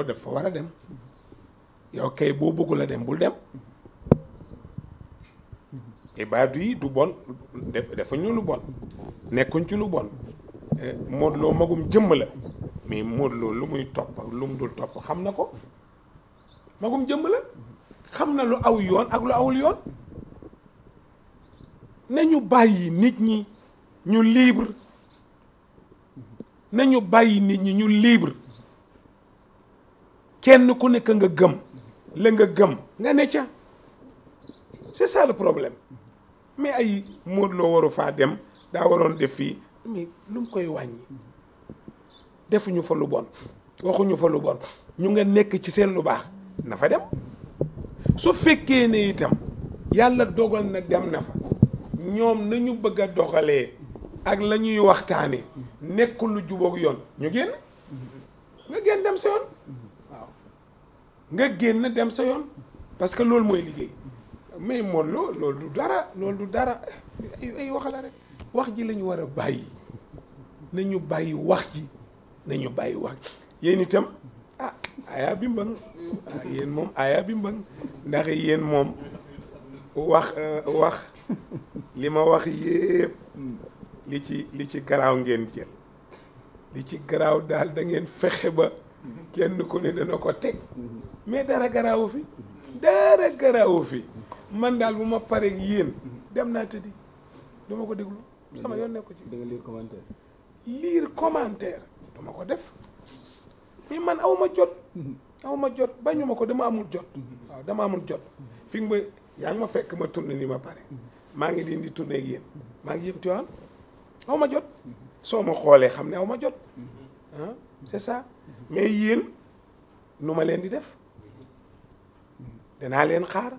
Modou Lo war a dem yow kay boo bëggul a dem bul dem ibaadu yi du bon def dafa ñu lu bon nekkuñ ci lu bon eh, Modou magum jëmm la mais Modou Lo lu muy topp ak dul topp xam na ko magum jëmm la xam na lu aw yoon ak lu awul yoon nañu bàyyi nit ñi ñu libre nañu bàyyi nit ñi ñu libre kenn ku nekk nga gëm la nga gëm nga ne ca c'est problème mais ay Modou waru faa dem daa waroon def fii mais lu mu koy wàññi defuñu fa lu bon waxuñu fa lu bon ñu nga nekk ci seen lu baax na fa dem su fekkee ne itam yàlla dogal na dem na fa ñoom nañu bëgg a doxalee ak la ñuy waxtaane nekkul lu jubóog yoon ñu génn nga génn dem si nga génn dem sa yoon parce que loolu mooy liggéey mais Modou loolu du dara loolu du dara ay ay wax la rek wax ji lañu war a bàyyi nañu bàyyi wax ji nañu bàyyi wax ji yéen itam ah ayaa bi mbang ah yéen moom ayaa bi mbang ndax yéen moom wax euh, wax li ma wax yépp li ci li ci garaaw ngeen jël li ci garaaw daal da ngeen fexe ba kenn ko ne dana ko teg mais dara garaawu fi dara garaawu fi man daal bu ma paree yéen dem naa tëddi duma ko déglu sama yoon nekk ci. da nga lire commentaire. lire duma ko def mais man awma jot. aw ma jot bañ ma ko dama amul jot. waaw dama amul jot fi nga yaa ngi ma fekk ma tourné ni ma pare maa ngi leen di yéen maa ngi yëpp tuwaan aw ma jot soo ma xoolee xam ne aw ma jot ah. c'est ça mais yéen nu ma leen di def danaa leen xaar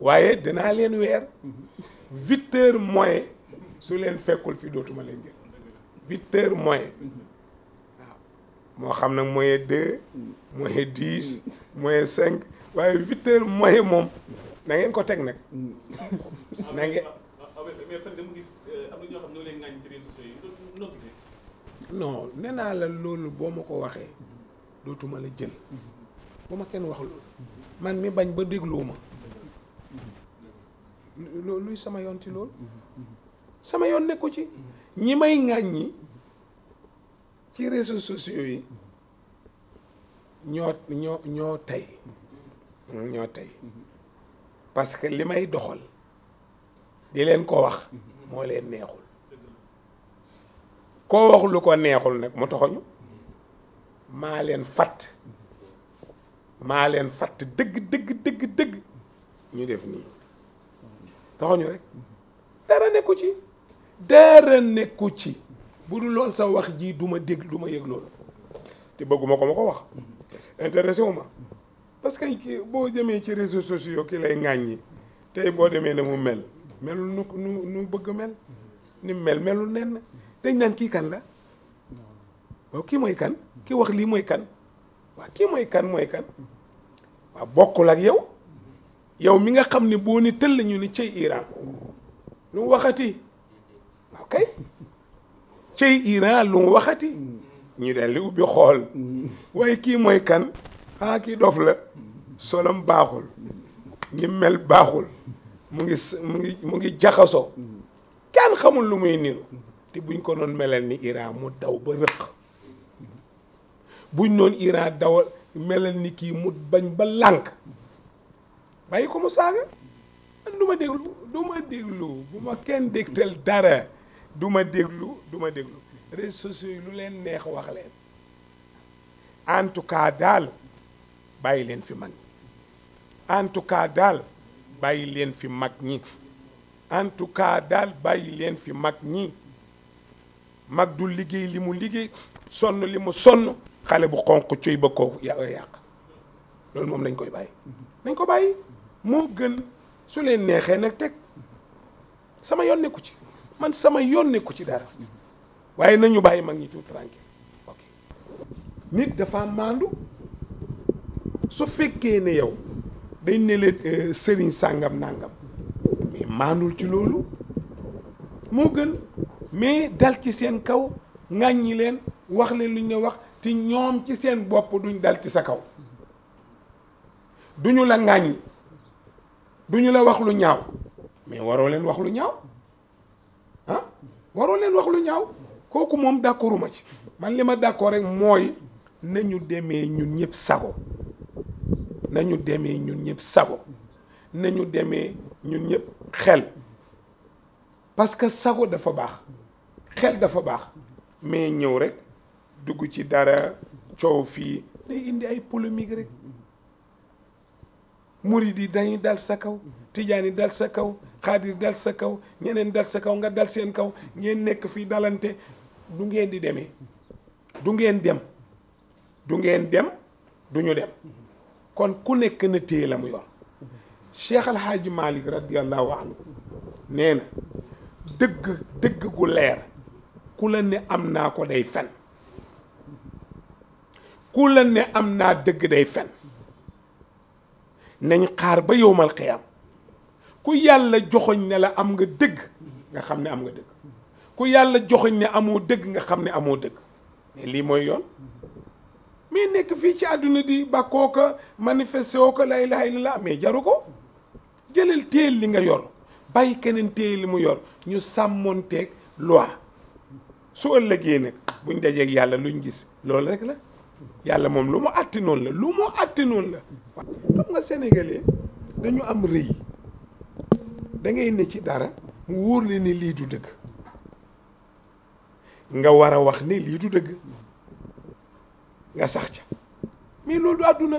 waaye danaa leen weer huit heures su leen fekkul fi dootuma leen jël huit heures waaw moo xam nag moins deux moins dix moins cinq waaye huit heures moins moom na ngeen ko teg nag mm. na ngeen. Ah, ah, ah, mais fan dama gis euh, am non nee naa la loolu boo ma ko waxee dootuma la jël bu ma kenn wax loolu man mi bañ ba dégloo ma luy sama yoon ci loolu sama yoon nekku ci ñi may ŋàññi ci réseaux sociaux yi ñoo ñoo ñoo tey ñoo tey parce que li may doxal di leen ko wax moo leen neexul koo wax lu ko neexul nag mu toxoñu maa leen fatt maa leen fatt dëgg dëgg dëgg dëgg ñu def nii toxoñu rek dara nekku ci dara nekku ci bu dul lool sa wax jii du ma dégg du ma yëg loolu te bëgguma ko ma ko wax intéressé wu ma parce que boo jëmee ci réseaux sociaux ki lay ŋàññi tey boo demee na mu mel melul nu nu nu bëgg mel ni mel melul nenn dañ naan kii kan la waaw kii mooy kan ki wax lii mooy kan waaw kii mooy kan mooy kan waaw bokkul ak yow yow mi nga xam ni boo ni tëll ñu ni cey Iran lu mu waxati waaw ñu del li ubbi xool waaye kii mooy kan ah kii dof la solom baaxul ñi mel baaxul mu ngi mu ngi mu ngi jaxasoo kenn xamul lu muy niru te buñ ko doon melal ni Iran mu daw ba rëq buñ noon Iran dawal melal ni kii mu bañ ba lànk bàyyi ko mu saaga man ma déglu du ma déglu bu kenn dégtal dara du déglu du ma déglu réseaux sociaux yi lu leen neex wax leen en tout cas daal bàyyi leen fi mag en tout daal bàyyi leen fi mag ñi en daal bàyyi leen fi mag ñi mag du liggéey li mu liggéey sonn li mu sonn xale bu xonq cuy ba koo yàq loolu moom nañ koy bàyyi nañ ko bàyyi moo gën su leen neexee nag teg sama yoon nekku ci man sama yoon nekku ci dara waaye nañu bàyyi mag ñi tout tranquille ok nit dafa maandu su fekkee ne yow dañ ne euh, sëriñ sàngam nàngam mais maandul ci loolu moo gën mais dal ci seen kaw ŋàññi leen wax leen lu ñu wax ti ñoom ci seen bopp duñ dal ci sa kaw duñu la ŋàññi duñu la wax lu ñaaw mais waroo leen wax lu ñaaw ah waroo leen wax lu ñaaw kooku moom d'accorduma ci man li ma d'accord rek mooy nañu demee ñun ñëpp sago nañu demee ñun ñëpp sago nañu demee ñun ñëpp xel parce que sago dafa baax xel dafa baax mais ñëw rek dugg ci dara coow fii day indi ay polémique rek murid yi dañuy dal sa kaw tijaan yi dal sa kaw xaadir dal sa kaw ñeneen dal sa kaw nga dal seen kaw ngeen nekk fii dalante du ngeen di demee du ngeen dem du ngeen dem du ñu dem kon ku nekk na téye la mu yor Cheikh Alhaaji Malick radiallahu anhu nee na dëgg dëgg gu leer ku la ne am naa ko day fen ku la ne am naa dëgg day fen nañ xaar ba yowmal xiyaam ku yàlla joxoñ ne la am nga dëgg nga xam ne am nga dëgg ku yàlla joxoñ ne amoo dëgg nga xam ne amoo dëgg mais lii mooy yoon mais nekk fii ci àdduna di bàkkoo ko manifesté woo ko la ilaha illallah mais jaru ko jëlal téel li nga yor bàyyi keneen téel li mu yor ñu sàmmoonteeg loi soo ëllëgee nag buñ dajeeg yàlla lu luñ gis loolu rek la yàlla moom lu mu àtti la lu mu àtti noonu la xam nga sénégalais dañu am rëy da ngay ne ci dara mu wóor la ni lii du dëgg nga war a wax ni lii du dëgg nga sax ca mais loolu du àdduna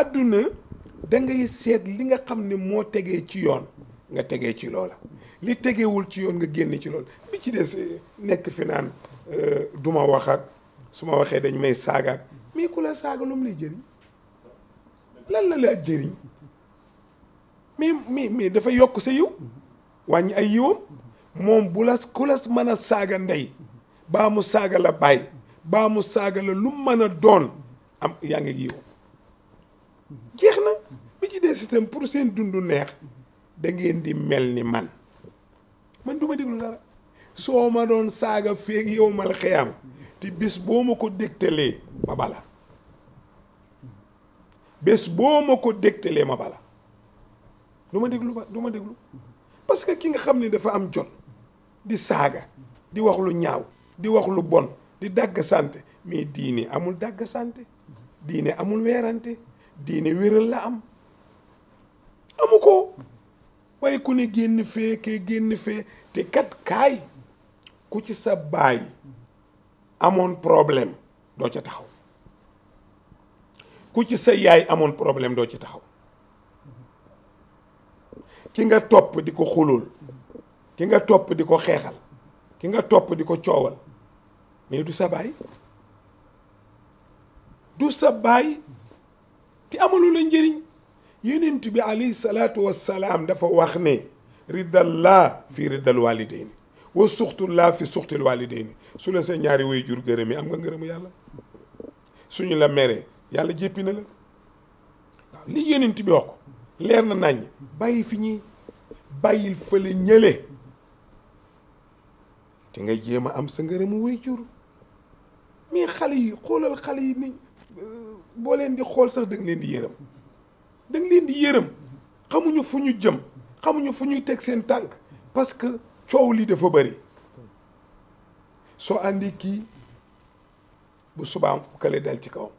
àdduna da ngay seet li nga xam ne moo tegee ci yoon nga tegee ci loola li tegewul ci yoon nga génn ci loolu ci des nekk fi naan euh, du ma wax ak su ma waxee dañ may saagaak mais ku la saaga lu mu lay jëriñ lan la laa jëriñ mais mais mais dafa yokk sa yiw wàññi ay yiwam moom bu la ku la mën a saaga ndey baa mu saaga la bàyyi baa mu saaga la lum mën a doon am yaa ngi yiwam jeex na bi ci des système pour seen dund neex da ngeen di mel ni man man du ma dara soo ma doon saaga feeg yow mal xiyam te bés boo ma ko dégtalee ma bala bés boo ma ko dégtalee ma bala du ma déglu ba du ma déglu parce que ki nga xam ne dafa am jot di saaga di wax lu ñaaw di wax lu bon di dàgg sante mais diine amul dàgg diini amul weerante diine wéral la am amu ko waaye ku ne génn fee kee génn fee te kat kaay ku ci sa baay amoon problème doo ca taxaw ku ci sa yaay amoon problème doo ci taxaw ki nga topp di ko xulul ki nga topp di ko xeexal ki nga topp di ko coowal mais du sa baay du sa baay te amalu la njëriñ yonent bi alayhi salaatu wassalaam dafa wax ne riddallaa fi riddal waalidayn wa suxtu laa fi suxtil waalidayni su la sa ñaari way jur gërëm yi am nga ngërëmu yàlla suñu la meree yàlla jéppi na la waaw li yonent bi wax ko leer na naññ bàyyi fi ñi bàyyil fële ñële te nga jéem a am sa ngërëmu way jur mais xale yi xoolal xale yi ni euh, boo leen di xool sax da leen di yërëm da leen di yërëm xamuñu fu ñu jëm xamuñu fu ñuy teg seen tànk parce coow lii dafa bari soo àndi kii bu subaam kële dal ci kawam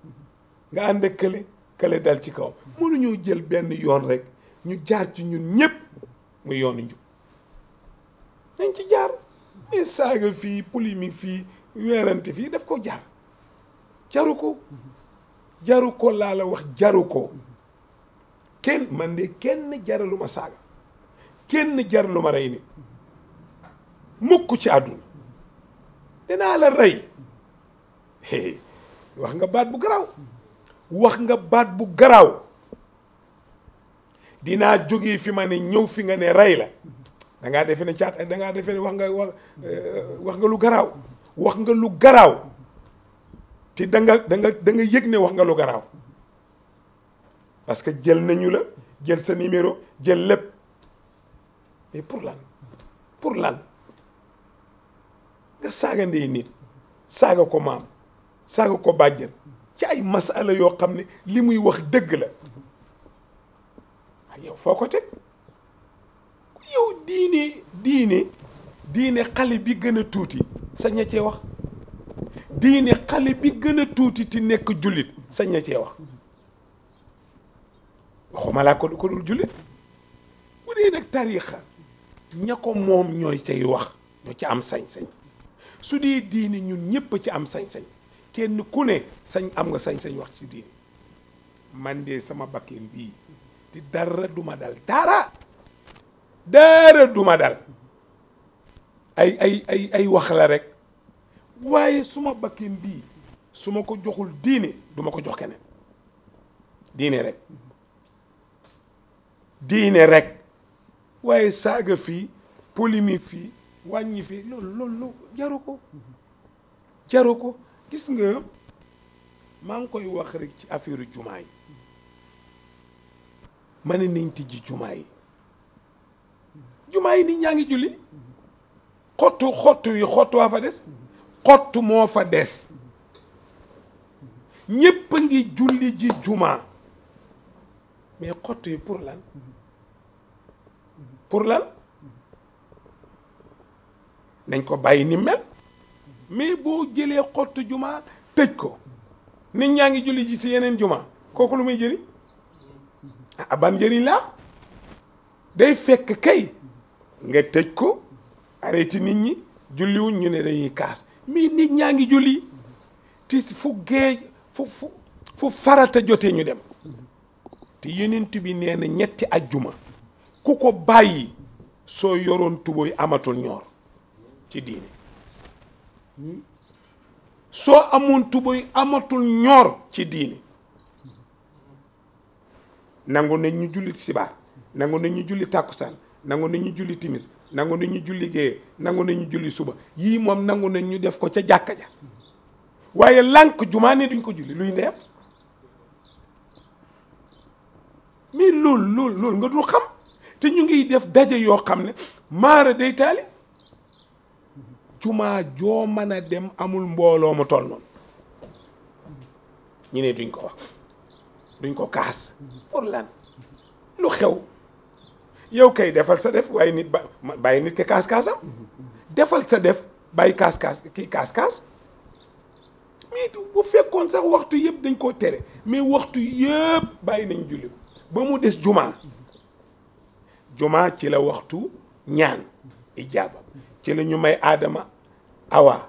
nga ànd ak kële kële dal ci kawam mënuñoo jël benn yoon rek ñu jaar ci ñun ñëpp mu yoonu njub nañ ci jaar mais saaga fii polémique fii weerante fii daf ko jaar jaru ko jaru ko laa la wax jaru ko kenn man de kenn jaraluma saaga kenn jaraluma rey nit mukk ci àdduna dinaa la rey wax nga baat bu garaaw wax nga baat bu garaaw dinaa jógee fi ma ne ñëw fi nga ne rey la dangaa ngaa defe ne caat da ngaa defe ne wax nga wax eh, wax nga lu garaaw wax nga lu garaaw te da danga da yëg ne wax nga lu garaaw parce que jël nañu la jël sa numéro jël lépp pour lan pour lan nga saaga ndey nit saaga ko maam saaga ko bàjjen ci ay masala yoo xam ne li muy wax dëgg la ah, yow foo ko teg yow diine diine diine xale bi gën a tuuti sañ na cee wax diine xale bi gën a tuuti ti nekk jullit sañ na cee wax waxuma laa ko ko dul jullit bu dee nag tariixa ña ko moom ñooy cay wax ñoo ci am sañ-sañ su dee diine ñun ñëpp ci am sañ-sañ kenn ku ne sañ am nga sañ-sañ wax ci diine man de sama bakken bii te dara duma dal dara dara duma dal ay ay ay ay wax la rek waaye suma bakken bii su ma ko joxul diini duma ko jox keneen diini rek diine rek waaye saaga fii polémique fii wàññi fi loolu loolu jaru ko jaru ko gis nga maa ngi koy wax rek ci affaire jumaa yi ma ne nañ tijji jumaa yi jumaa yi nit ñaa ngi julli xottu xottu yi xottu waa fa des xottu moo fa des ñépp ngi julli ji jumaa mais xottu yi pour lan pour lan nañ ko bàyyi ni mel mais boo jëlee xott juma tëj ko nit ñaa ngi julli ji si yeneen juma kooku lu muy jëriñ ah ban njëriñ la day fekk kay nga tëj ko arrêté nit ñi julliwuñ ñu ne dañuy kaas mais nit ñaa ngi julli te fu géej fu fu farata jotee ñu dem te yenent bi nee na ñetti ajjuma ku ko bàyyi soo yoroon tubooy amatul ñoor soo amoon tubéy amatul ñor ci diine nangu nañ ñu julli sibaar nangu nañ ñu julli tàkkusaan nangu nañ ñu julli timis nangu nañ ñu julli géeye nangu nañ ñu julli suba yii moom nangu nañ ñu def ko ca jàkka ja waaye lànk jumaa ne duñ ko julli luy ndeyam mais loolu loolu nga dul xam te ñu ngiy def daje yoo xam ne maara day taali jumaa joo mën a dem amul mbooloo mu toll noonu ñu ne duñ ko wax duñ ko kaas pour lan lu xew yow kay defal sa def waaye nit ba bàyyi nit ki kaas-kaasam defal sa def bàyyi kaas-kaas kii kaas-kaas mais bu fekkoon sax waxtu yëpp dañ koo tere mais waxtu yëpp bàyyi nañ julli ba mu des jumaa jumaa ci la waxtu ñaan ijaaba ci la ñu may aadama awa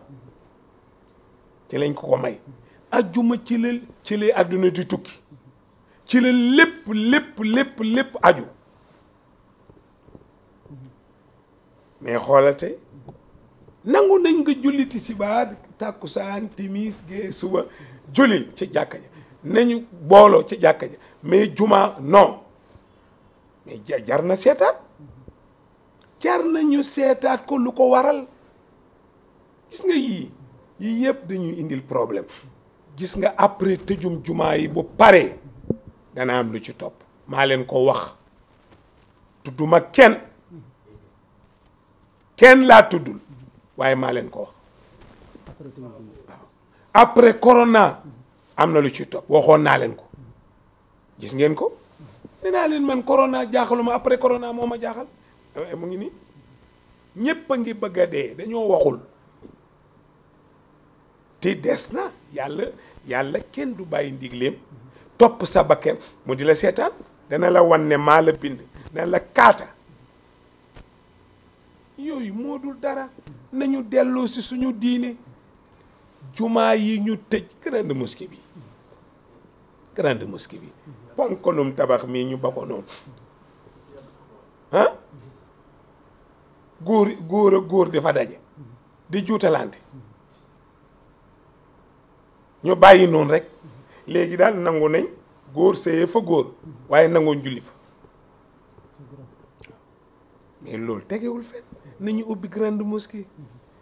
ci lañ ko may ajjuma juma la ci la di tukki ci la lépp lépp lépp aju mais xoolate nangu nañ nga julli tisbaar tàkkusaan timis gee suba julil ci jàkka ja nañu booloo ci jàkka ja mais juma non mais jar na seetaat jar nañu seetaat ko lu ko waral gis yii yii dañuy indil problème gis nga après tëjum jumaa yi bu paree dana lu ci topp maa leen ko wax tudduma kenn kenn laa tuddul waaye maa leen ko wax après corona am na lu ci topp waxoon naa leen ko gis ngeen ko ne naa leen man corona ma après corona moo ma jaaxal eh, mu ngi nii ñépp a ngi bëgg dee dañoo waxul te des na yàlla yàlla kenn du bàyyi ndigleem topp sa bakkan mu di la seetaan dana la wan ne maa la bind dana la kaata yooyu moo dul dara nañu delloo si suñu diine jumaa yi ñu tëj grande mosquée bi grande mosquée bi tabax mii ñu ba ko noonu ah góor góor a góor dafa daje di juutalante ñu bàyyi noonu rek léegi daal nangu nañ góor sëyee fa góor waaye nangoon julli fa mais loolu tegewul fenn ñu ubbi grande mosquée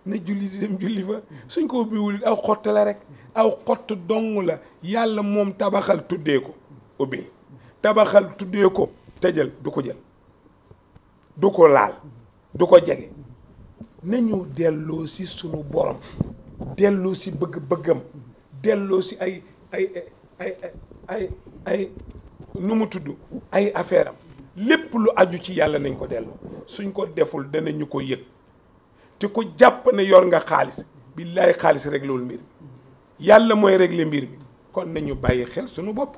na julli di dem julli fa suñ ko ubbiwul aw xott la rek aw xott dong la yàlla moom tabaxal tuddee ko ubbil tabaxal tuddee ko tëjal du ko jël du ko laal du ko jege na ñu delloo si sunu borom delloo si bëgg-bëggam delloo si ay ay ay ay ay nu mu tudd ay affaire am lépp lu aju ci yàlla nañ ko delloo suñ ko deful danañu ko yëg te ku jàpp ne yor nga xaalis billaay xaalis réglewul mbir mi yàlla mooy régler mbir mi kon nañu bàyyi xel sunu bopp